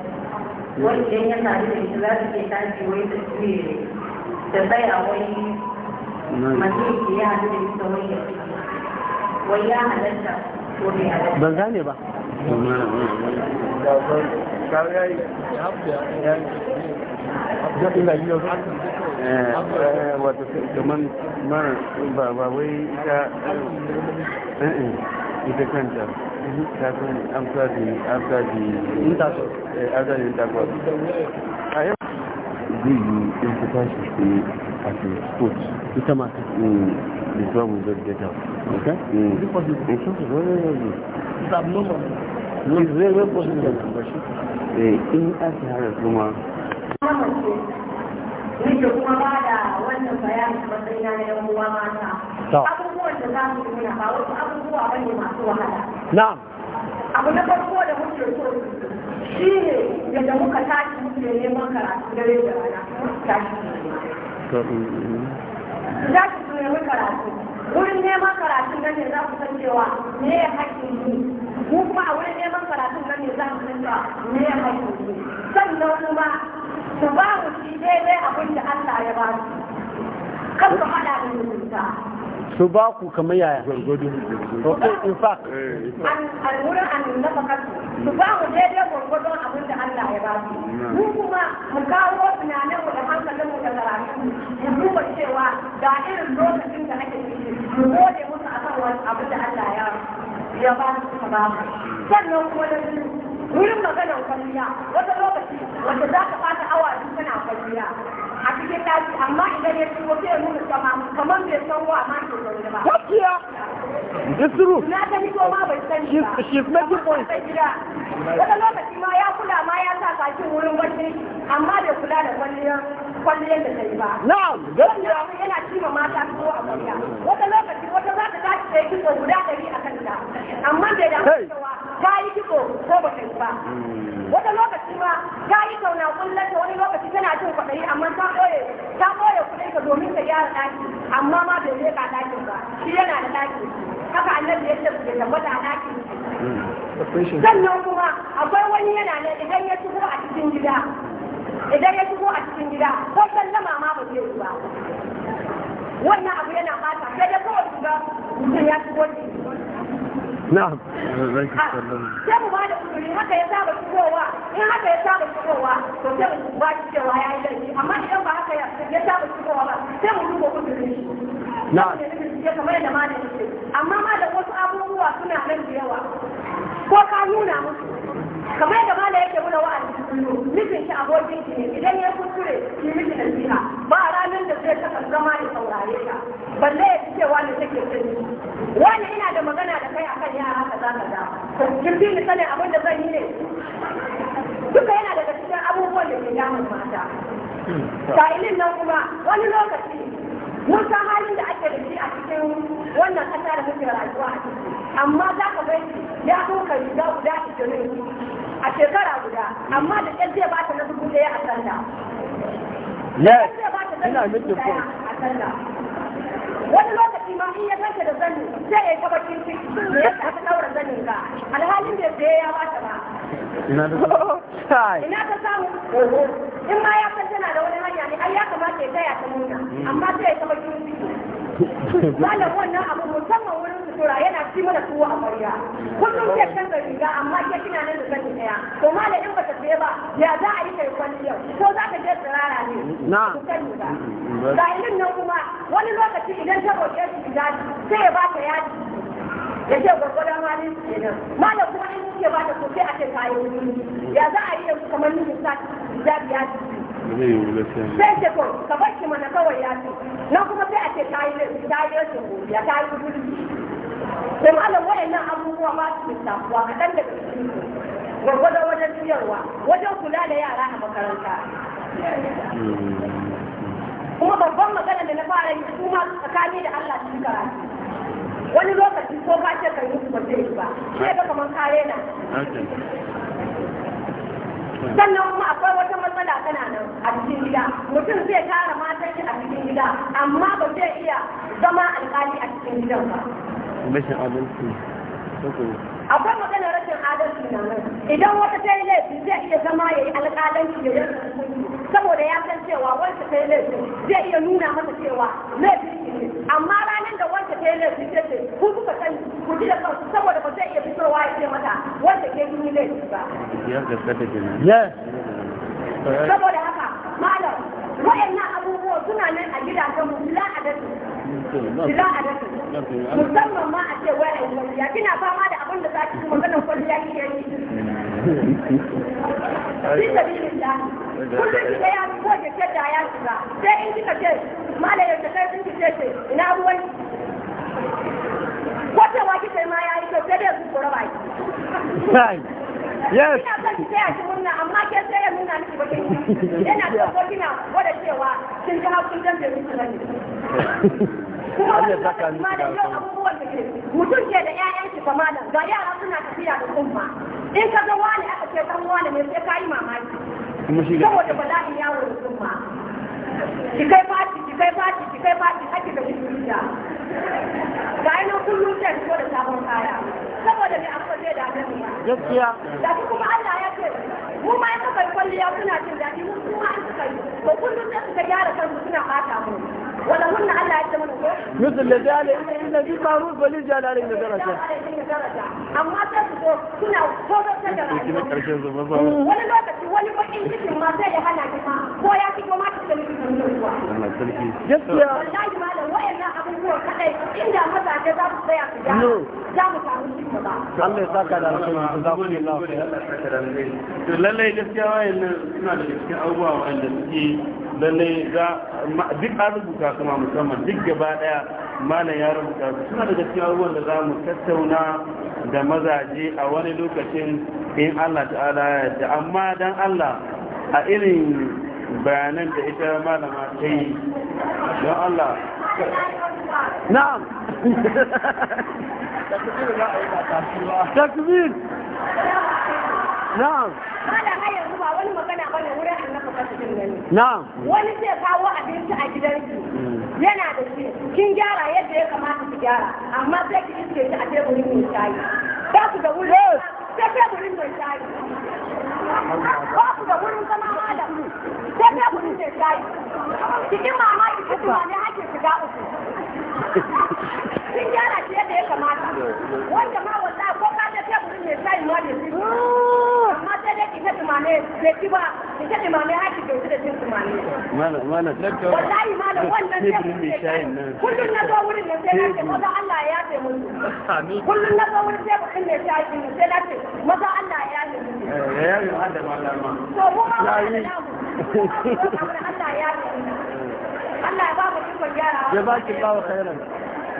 wani idan ya sami za su ke tashi wai da su da sai a wai mutum ke ya hadu da da ya wai ya halatta ko ya? halatta ban gane ba eh, eh, eh, wata kamar mara ba wai ita kanta It happened after the after the Uh, after the intercourse. I am the importance of the at the sport. It's a matter. The drum will not get out. Okay. Mm. Is it possible? It's not very It's abnormal. it's very very possible. in as Harris Luma. Nake kuma ba da wannan bayanin matsayina na yan uwa mata. Abubuwan da za su yi muna ba wasu abubuwa ne masu wahala. na'am abu na farko da muke so shi ne yadda muka tashi muke neman karatu dare da rana tashi ne mm-hmm. tashi so neman karatu wurin neman karatu na ne za ku san cewa ne ya haƙi yi mu kuma a wurin neman karatu na ne za ku san cewa ne ya haƙƙin yi sannan kuma su ba mu shi daidai abin da Allah ya ba su kan su haɗa da mutunta su ba ku kamar yaya gwargwado in fact eh, al'ura an nafa kasu su ba mu daidai gwargwado abin da Allah ya ba su mu kuma mu kawo tunanin mu da hankalin mu da karatu mu duba cewa ga irin lokacin da nake ciki mu gode musu akan wani abin da Allah ya ya ba su ka ba mu sannan kuma da su wurin maganar kwalliya wata lokaci wata za ka fata awa duk kana kwalliya a cikin daji amma idan ya shigo sai ya nuna sama kamar bai san wa ma ke zaune ba gaskiya it's true na ta fito ma bai sani ba she's making point wata lokaci ma ya kula ma ya sa kakin wurin wani amma bai kula da kwalliyar da ta yi ba na'am gaskiya yana cima mata su a kwalliya wata lokaci wata za ta tashi da kitso guda ɗari a kanta amma bai da cewa ta yi kitso ko ba ta yi ba wata lokaci ma ta yi kauna kullum wani lokaci tana cin kwaɗayi amma ta ta boye kudin ka domin ka gyara daki amma ma bai je ka dakin ba shi yana da daki haka annabi ya tafi da tabbata a dakin hmm, sannan kuma akwai wani yana nan idan ya shigo a cikin gida idan ya shigo a cikin gida ko sallama ma ba zai ba wannan abu yana bata sai dai kawai shiga mutum ya shigo cikin na'am sai mu ba da uzuri haka ya saba ya saba shigowa to sai mu ba shi cewa ya yi ba ya ba sai mu duba uzurin shi na'am kamar amma ma da wasu abubuwa suna nan da ko ka nuna musu kamar yadda mala yake muna wa'azi kullu mijin shi abokin ki ne idan ya kuskure shi miji nasiha ba ranar da zai taɓa zama ya saurare ta balle ya ci cewa ne take sani wani ina da magana da kai akan yara kaza kaza kin bi ni sanin abin da zan yi ne duka yana daga cikin abubuwan da ke damun mata sa'ilin nan kuma wani lokaci mun san halin da ake da shi a cikin wannan ƙasa da muke rayuwa a ciki amma za ka bai ya kuka riga guda ishirin a shekara guda amma da ƙyar zai bata na dubu ɗaya a sanda. Yes, ina mikin point. wani lokaci ma in ya tashi da zani sai ya yi kabakin ciki yadda aka daura zanin ka alhalin da sai ya bata ba ina ta samu in ma ya san tana da wani hanya ne ai ya kamata ya taya ta nuna mm. amma sai ya kabakin ciki malam wannan abu musamman wurin sutura yana ci mana tuwo a ƙwarya kullum ke canza riga amma ke kina nan da sani ɗaya to malam in baka je ba ya za a yi kai yau? ko za ka je tsirara ne na sani ba ga ilin nan kuma wani lokaci idan ta roƙe shi yaji sai ya ba ta yaji ya ce gwargwadon halin su kenan malam kuma in ke ba ta sosai a ce kayan wuri ya za a yi da kamar nufin sa hijabi yaji zai yi wula sai sai ce to ka bar mana kawai ya ce na kuma sai a ce ta yi ta yi rashin godiya ta yi zulmi sai malam wayannan abubuwa ba su lissafuwa kaɗan daga cikin gwargwadon wajen ciyarwa wajen kula da yara a makaranta kuma babban magana da na fara yi kuma tsakani da Allah sun karatu wani lokaci ko ba ce kan yi ba sai ba kamar kare na sannan kuma akwai wata matsala tana nan a cikin gida mutum zai tara matan shi a cikin gida amma ba zai iya zama alƙali a cikin gidan ba rashin adalci akwai magana rashin adalci na nan idan wata ta yi laifi zai iya zama ya yi alƙalanci ya yi saboda ya san cewa wata ta yi laifi zai iya nuna masa cewa laifi amma ranar ke ne su ce ku kuka sani ku ji da kansu saboda ba zai iya fitarwa ya ce mata wanda ke yi ne ba saboda haka malam wayannan abubuwa suna nan a gidajen mu bila adadi bila adadi musamman ma a ce wayar kwalliya kina fama da abin da za ki kuma ganin kwalliya ki ke yi bisa bisa kullum ki ga ya ko ke da ya shiga sai in kika ce malam ya ta kai sun ki ce ina ruwan kwacewa kike ma ya yi kyau sai dai su kora baki yes ina son ki taya shi murna amma ke sai ya nuna miki bakin ina da ko kina gwada cewa kin ga hakun dan da miki bane kuma wannan ma da yau abubuwan da ke mutum ke da ƴaƴan shi da. ga yara suna tafiya da umma in ka ga wani aka ce dan wani mai sai ka yi mamaki saboda bala'in yawo da umma ki kai fati ki kai fati ki kai fati ake da kuɗi da ga ina kullum sai ko da sabon kaya saboda me an kwaje da annabi gaskiya da kuma Allah ya ce mu ma ya kai kwalliya kuna jin daɗi mu kuma an kai ko kullum sai suka gyara kansu suna bata mu ولهن على عدة مثل لذلك إلا بالمعروف وللجال عليهم درجة أما تبدو كنا فوضى سجرة ولا لوكتي ولا وحين مثل ما زال هلا جماعة وياتي وما تسلم والله ما لو وإلا أبو هو كأي إن مزع جذاب الضياء تجاه جامع Allah ya saka da alkhairi da zafi Allah to lallai gaskiya wayannan suna da gaskiya abubuwa wanda suke lallai za duk an rubuta kuma musamman duk gaba daya malam ya rubuta su suna daga cikin abubuwan da za mu tattauna da mazaje a wani lokacin in Allah ta'ala ya yarda amma dan Allah a irin bayanan da ita malama ta yi don Allah na'am takbir na'am malam har ba wani magana na'am wani zai kawo abinci a gidanki hmm. yana da shi kin gyara yadda ya kamata ki gyara amma sai ki iske shi a teburin mai shayi ba ku da wuri sai teburin mai shayi ba ku da wurin zama malam sai teburin mai shayi cikin mamaki ta tunani ake shiga uku kin gyara shi yadda ya kamata wanda ma wallahi ko mai sa ima da shi oh! amma tumane ki ba tumane ki tumane na maza Allah ya na sa maza Allah ya eh, ya Allah ya Allah ya ba mu ya ba ki ba wa khairan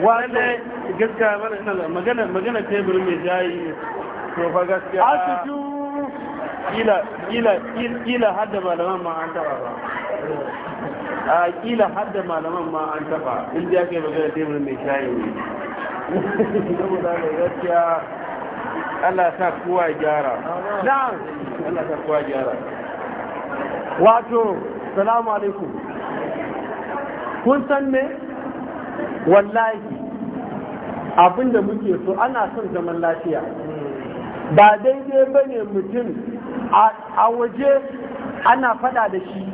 wanda gaskiya magana magana teburin mai jayi to fa gaskiya asitu ila ila ila hadda malaman ma an taba ba a ila hadda malaman ma an taba in da yake magana tebur mai shayi ne saboda ne gaskiya Allah ta kowa gyara na'am Allah ta kowa gyara wato salamu alaikum kun san me wallahi abinda muke so ana son zaman lafiya ba daidai ba ne mutum a waje ana fada da shi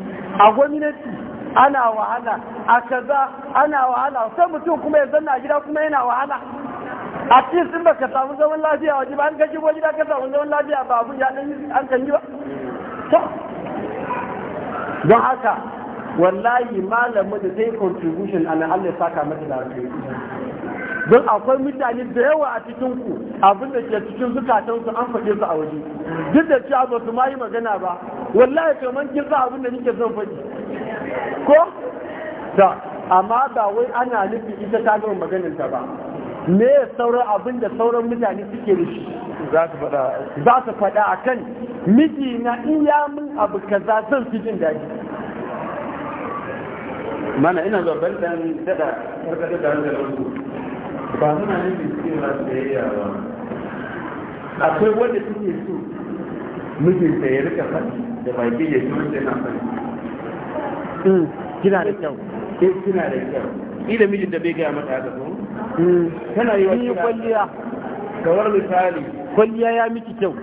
a gwamnati ana wahala a kaza ana wahala sai mutum kuma ya zanna gida kuma yana wahala a cikin sun baka samu zaman lafiya waje ba an gaji shigo gida ka samu zaman lafiya ba abu ya dan an kan yi ba to don haka wallahi malamu da sai contribution ana Allah saka mata lafiya don akwai mutane da yawa a cikin ku abin da ke cikin zukatan su an faɗe su a waje duk da cewa ba su ma yi magana ba wallahi kamar kin sa abin da nake son faɗi ko da amma ba wai ana nufin ita ta gama maganar ta ba me sauran abin da sauran mutane suke da shi za su faɗa a kan miji na iya min abu kaza zan fi jin daɗi mana ina zo bandan daɗa karkatar da hankali ba muna nufin ba akwai wanda suke so mijinta ya rika da baki ya wanda hmm, kina da kyau eh kina da kyau ila mijin da bai mata haka ko kana hmm, yi wa kira kwalliya kawar misali kwalliya ya miki kyau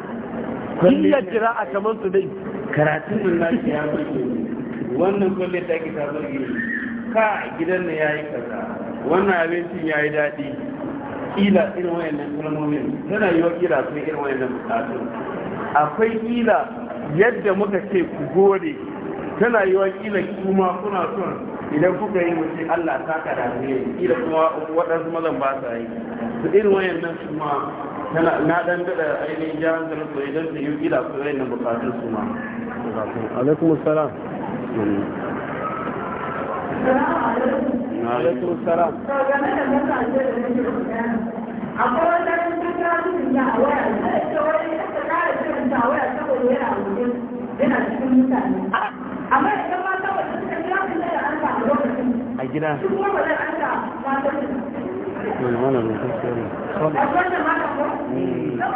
kwalliya a kaman su dai karatun nan naki ya burge wannan kwalliya ta ki ta burge ka gidan ne yayi kaza wannan abincin ya yi daɗi ƙila irin wayannan kalmomin tana yi wa ƙila sun irin wayannan bukatu akwai ƙila yadda muka ce ku gode tana yi wa ƙila kuma kuna son idan kuka yi mace Allah ta ka da ne ƙila kuma waɗansu mazan ba sa yi su irin wayannan kuma tana na dan daɗa ainihin jihar su idan su yi ƙila su wayannan bukatun su ma. alaikum salam akwai a waya ta waya saboda yana wajen yana ma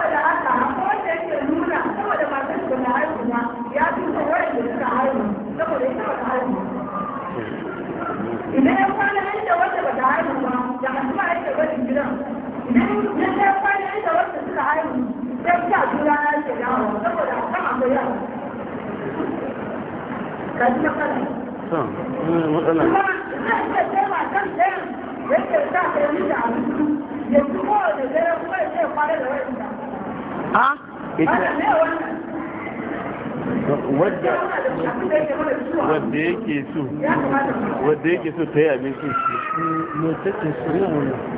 da ta yake nuna saboda masu da haihuwa ya fi wani da suka haihu saboda ita wata barin gidan na ya kwana da wanda suka ta ke saboda kan akwai na kuma kan yake sa ka yi da abinci kowane dare kuma ya ce kwana da a ita wadda yake so wadda yake so ta yi abinci shi ne wannan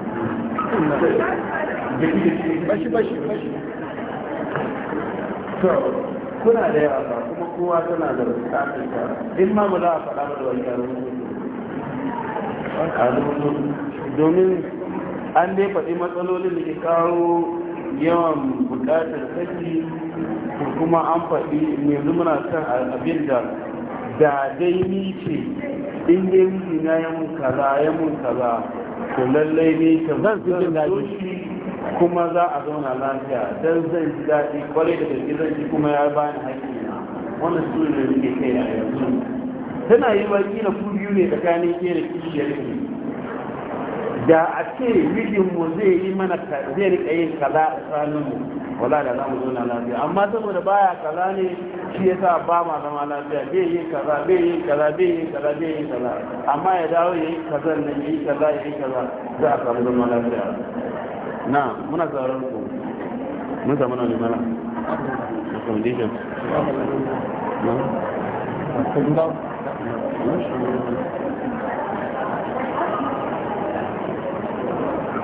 bashi kuna da yawa ba kuma kowa tana da bukatar in ma mu za a faɗa da wani domin an dai faɗi matsalolin da ke kawo yawan bukatar saki kuma an faɗi yanzu muna son abin da da dai ni ce in yi miji na ya mun kaza ya mun kaza to lallai ne ka zan fi jin daɗi kuma za a zauna lafiya dan zan ji daɗi kwarai da gaske zan ji kuma ya bani haƙƙi na wannan su ne da nake kai a yanzu tana yi wa kila ku biyu ne tsakanin ke da kishiyar ki da a ce mijinmu zai yi mana zai rika yin kaza tsanin mu wala da za mu na lafiya amma saboda baya kaza ne shi yasa ba ma zama lafiya bai yin kaza bai yin kaza bai yin kaza bai yin kaza amma ya dawo ya yi kaza nan ya yi kaza ya yi kaza za a samu zama lafiya na muna tsaron ku mun samu na limana recommendation na?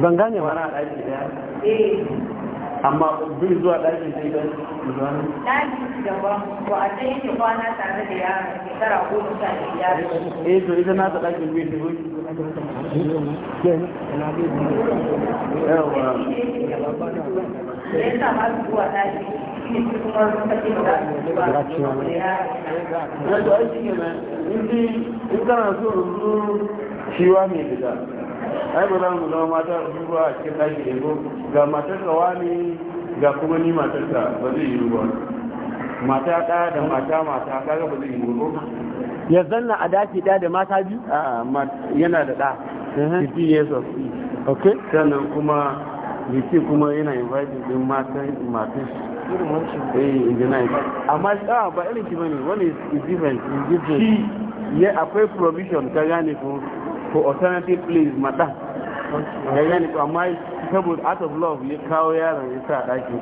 ban gane ba na ɗaki ɗaya eh. amma bin zuwa ɗaki sai ɗan zuwanin ɗaki daban ko a can yake kwana tare da yara shekara goma sha biyar eh to ita na ta ɗaki biyu da wuri yawa yasa ma su zuwa ɗaki kuma suka da yara na in kana so shiwa mai gida ai ba za mu zama mata biyu ba a cikin ɗaki ego ga matar rawa ne ga kuma ni matar ta ba zai yi ruwa mata ɗaya da mata mata kaga ba zai yi ruwa ya zanna a daki ɗaya da mata biyu a yana da ɗa 15 ya of okay sannan kuma yake kuma yana invite din matan matan irin wancan eh, amma ah ba irin ki bane wani is different is different ya akwai provision ka gane ko ko alternative please maɗa ya gani to amma saboda out of love ya kawo yaron ya sa ɗakin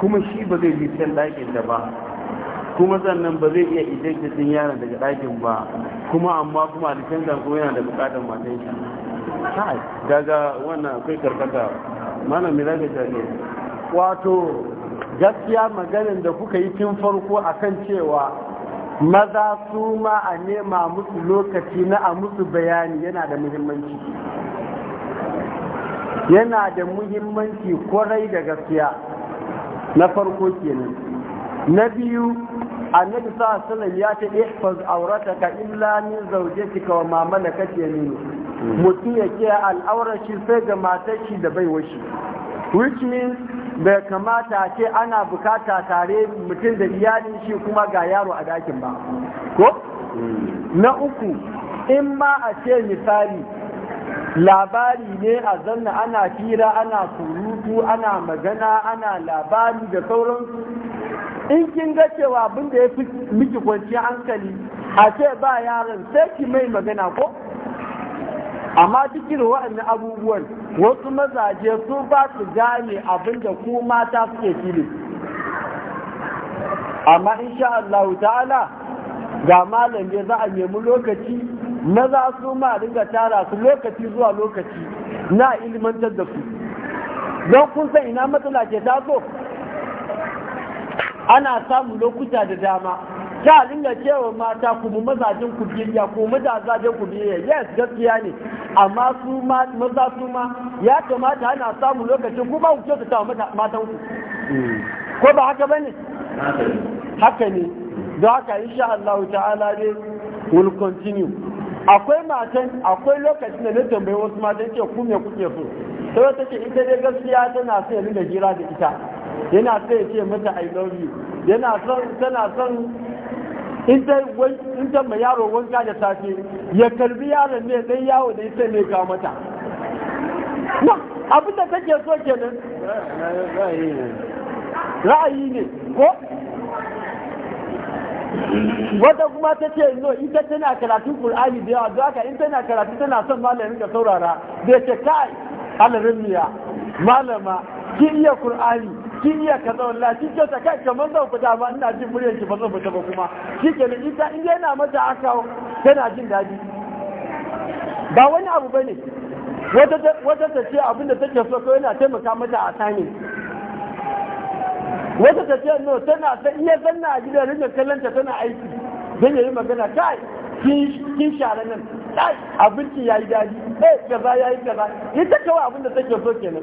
kuma shi ba zai yi can ɗakin da ba kuma sannan ba zai iya ta din yaron daga ɗakin ba kuma amma kuma da canza ko yana da bukatar matan shi kai daga wannan akwai karkata mana me zaka jami'a wato gaskiya maganin da kuka yi tun farko akan cewa maza su ma a nema musu lokaci na a musu bayani yana da muhimmanci yana da muhimmanci kwarai da gaskiya na farko kenan na biyu annabi sa sallam ya ce ihfaz aurataka illa min zawjatika wa ma malakat ne hmm. mutum ya kiyaye al'aurar sai ga matashi da baiwar shi which means bai kamata a ce ana bukata tare mutum da iyalin shi kuma ga yaro a dakin ba ko mm. na uku in ma a ce misali labari ne a zanna ana fira ana surutu ana magana ana labari da sauransu in kin ga cewa abin da ya fi miki kwanciyar hankali a ce ba yaron sai ki mai magana ko amma cikin waɗannan abubuwan wasu mazaje su ba su gane abinda ku mata suke fili amma insha Allah ta'ala ga malam ne za a nemi lokaci maza su ma dinga tara su lokaci zuwa lokaci na ilmantar da su don kun san ina matsala ke taso ana samun lokuta da dama a dinga cewa mata ku mu mazajin ku biyayya ko mazajen ku biyayya yes gaskiya ne amma su ma maza su ma ya kamata ana samu lokacin ku ba ku kyauta ta matan ku hmm. ko ba haka bane haka ne don haka insha Allah ta'ala dai will continue akwai matan akwai lokacin da na tambayi wasu matan ce ku me kuke so sai ta ce ita dai gaskiya tana so ya dinga jira da ita yana so ya ce mata i love you yana son tana son in ta mai yaro wanka da safe ya karbi yaron ne dan yawo da ita mai kawo mata abin da take so kenan ra'ayi ne ko wata kuma ta ce no ita tana karatun Kur'ani da yawa don haka in tana karatu tana son malamin ka saurara da ya ce kai miya malama ki iya Kur'ani. kin iya zaun lafiya kyau ta kai kamar zan fita ba ina jin muryar ki ba zan fita ba kuma nan ita in yana mata aka tana jin daɗi ba wani abu bane wata ta ce abinda take so ko yana taimaka mata a sani wata ta ce no tana ta iya zanna a gidan rinka kallanta tana aiki zan yi magana kai kin share nan kai abinci yayi daɗi eh kaza yayi kaza ita kawai abinda take so kenan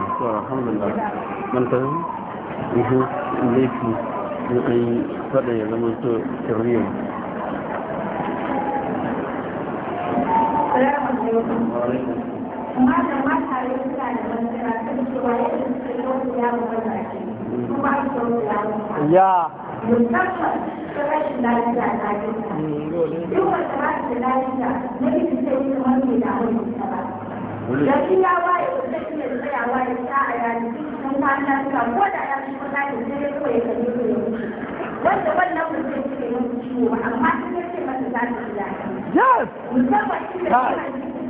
الدكتور الحمد لله من فهم laifi na an yi ya zama ya yanzu ya waye wanda shi ne tsayawa ya sa a yaji sun kwana suka ko da ya fi kwana ya ce ko ya kalli ko ya wanda wannan mutum shi ne mutu ciwo amma in ce masa za ta ya daɗi musamman shi ne ya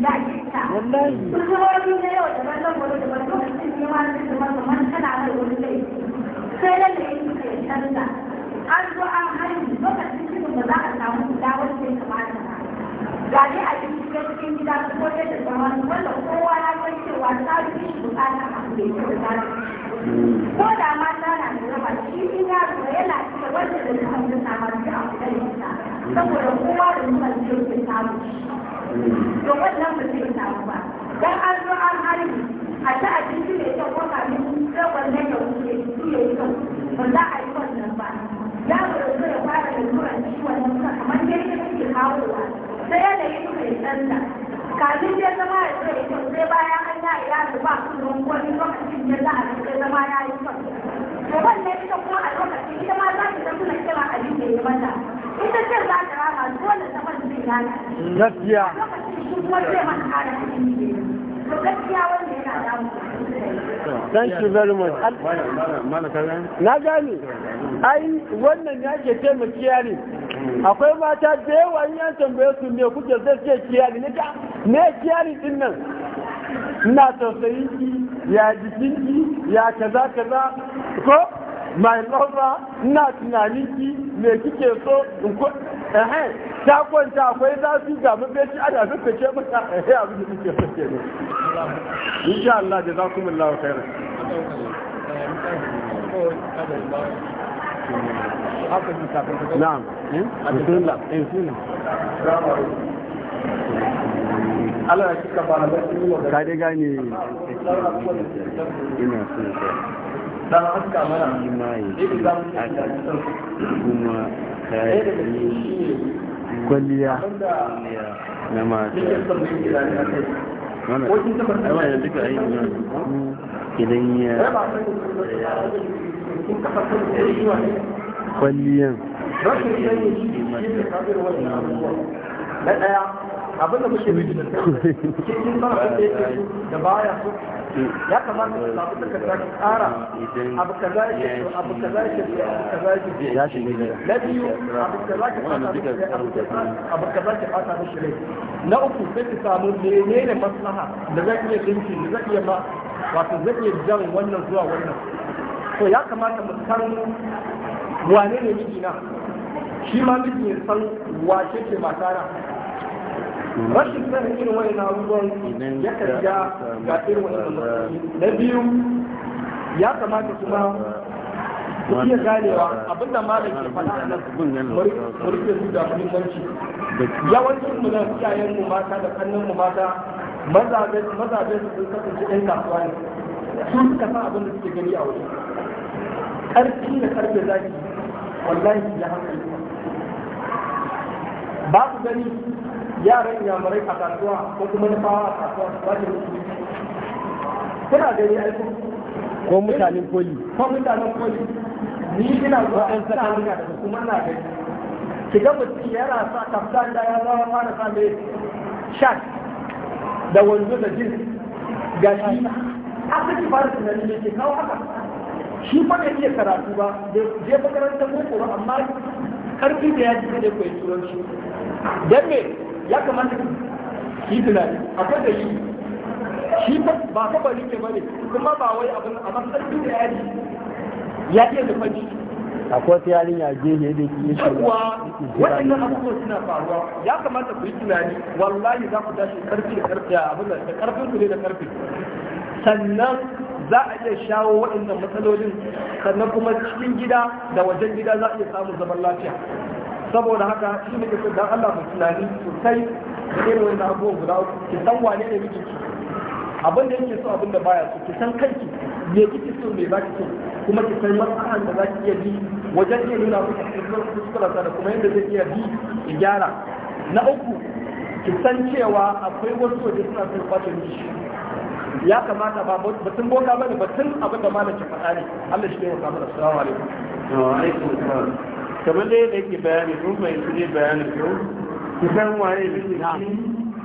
daɗi ta na yau da wannan wani da wani mutum ne ma zai zama kamar tana mai wani laifi sai nan da yake ke an zo an hari lokacin cikin da za a samu dawar sai kamata ba ga dai a cikin cikin gida ko da da zaman wanda kowa ya san cewa ta fi bukata a cikin gida ko da mata na da raba shi in ya zo yana cike wanda da suka fi sama shi a cikin gida saboda kowa da suka fi ke samu to wannan ba zai samu ba dan an zo an harbi a ta abinci da ita ko kamin sai wannan ya wuce su ya yi kan ba za a yi wannan ba Ya yaro da zai fara da turanci wannan kamar yadda suke kawowa sai ya nemi kristan kafin ya zama ya ce ya sai baya an ya ya da ba su don wani lokacin ya za a sai zama ya yi son to wannan ita kuma a lokacin ita ma za ta zama kira a yi ya mata ita ce za ta rama dole ta ban zai gana gaskiya lokacin shi kuma zai mata kara to gaskiya wanda yana damu Thank you very much. Na gani, ai wannan ya ke taimaki yari akwai mata da yawa in yan tambaye su me kuke zai ce kiyari ne ka me kiyari din nan ina tausayin ki ya jikin ki ya kaza kaza ko mai lover ina tunanin ki me kike so in ko eh ta kwanta akwai su ga mabeshi ana su ce mata eh abin da kike so ne insha Allah jazakumullahu khairan haka ji kafin ka na'am eh? Eh, eh, Allah ya idan ya kwalliyan rashin sani ɗaya muke da da baya su ya kamata su da ki tsara abu kaza abu kaza abu kaza ya na biyu abu kaza fata mishi rai abu kaza fata mishi rai na uku sai ki samu menene maslaha da zai iya dinki da zai iya wato zai iya jan wannan zuwa wannan to ya kamata mu san wane ne miji na shi ma miji ya san wace ce mata na rashin sanin irin wani na abubuwan ya karya ga irin wani na biyu ya kamata kuma ku iya ganewa abinda da ke faɗa a nan murfe su da muhimmanci yawancin mu na iyayen mu mata da kannin mu mata mazaɓe su sun kasance ɗan kasuwa ne sun suka san abin da suke gani a waje ƙarfi da ƙarfe zaki wallahi ya hankali ba su gani yaran yamurai a kasuwa ko kuma na fawa a kasuwa ba ke musu kuna gani aiko ko mutanen koli ko mutanen koli ni ina zuwa an saka hanga da kuma na gani kiga mutum yana sa kaftan da ya zama fara sa mai shat da wanzu da jin gashi a cikin fara tunanin ne ke kawo haka shi ba iya karatu ba je makarantar boko ba amma karfi da ya jike da koyi turanci dan me ya kamata ki tunani akwai da shi shi ba ka bari ke bane kuma ba wai abin amma karfi da ya ji ya iya da fanci akwai wata yarinya ne da ke shi shirya waɗannan abubuwan suna faruwa ya kamata ku yi tunani wallahi za ku tashi karfi da karfi a abin da karfin ku ne da karfi sannan za a iya shawo waɗannan matsalolin sannan kuma cikin gida da wajen gida za a iya samun zaman lafiya saboda haka shi ne kisa da Allah mai tunani sosai da irin wannan abubuwan guda uku ki san wane ne miki abin da yake so abin da baya so ki san kanki me kike so me baki so kuma ki san matsalan da zaki iya bi wajen iya nuna miki kuskurarsa da kuma yadda zai iya bi ki gyara na uku ki san cewa akwai wasu waje suna son kwace miki ya kamata ba batun boka bane batun abin da malam ke faɗa ne Allah shi ne ya samu assalamu alaikum wa alaikum kamar dai yadda yake bayani ko kun fahimci ne bayani ko ki san waye biki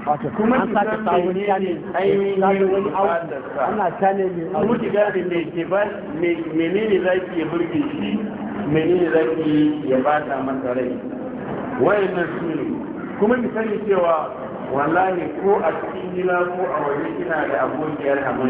wato kuma an sake samu ne ya ne ainihin wani abu ana tane ne kuma ki gane me ke ba menene zaki ya burge shi menene zaki ya bata masa rai wayannan su ne kuma ki sani cewa wallahi ko a cikin gida ko a waje kina da abokiyar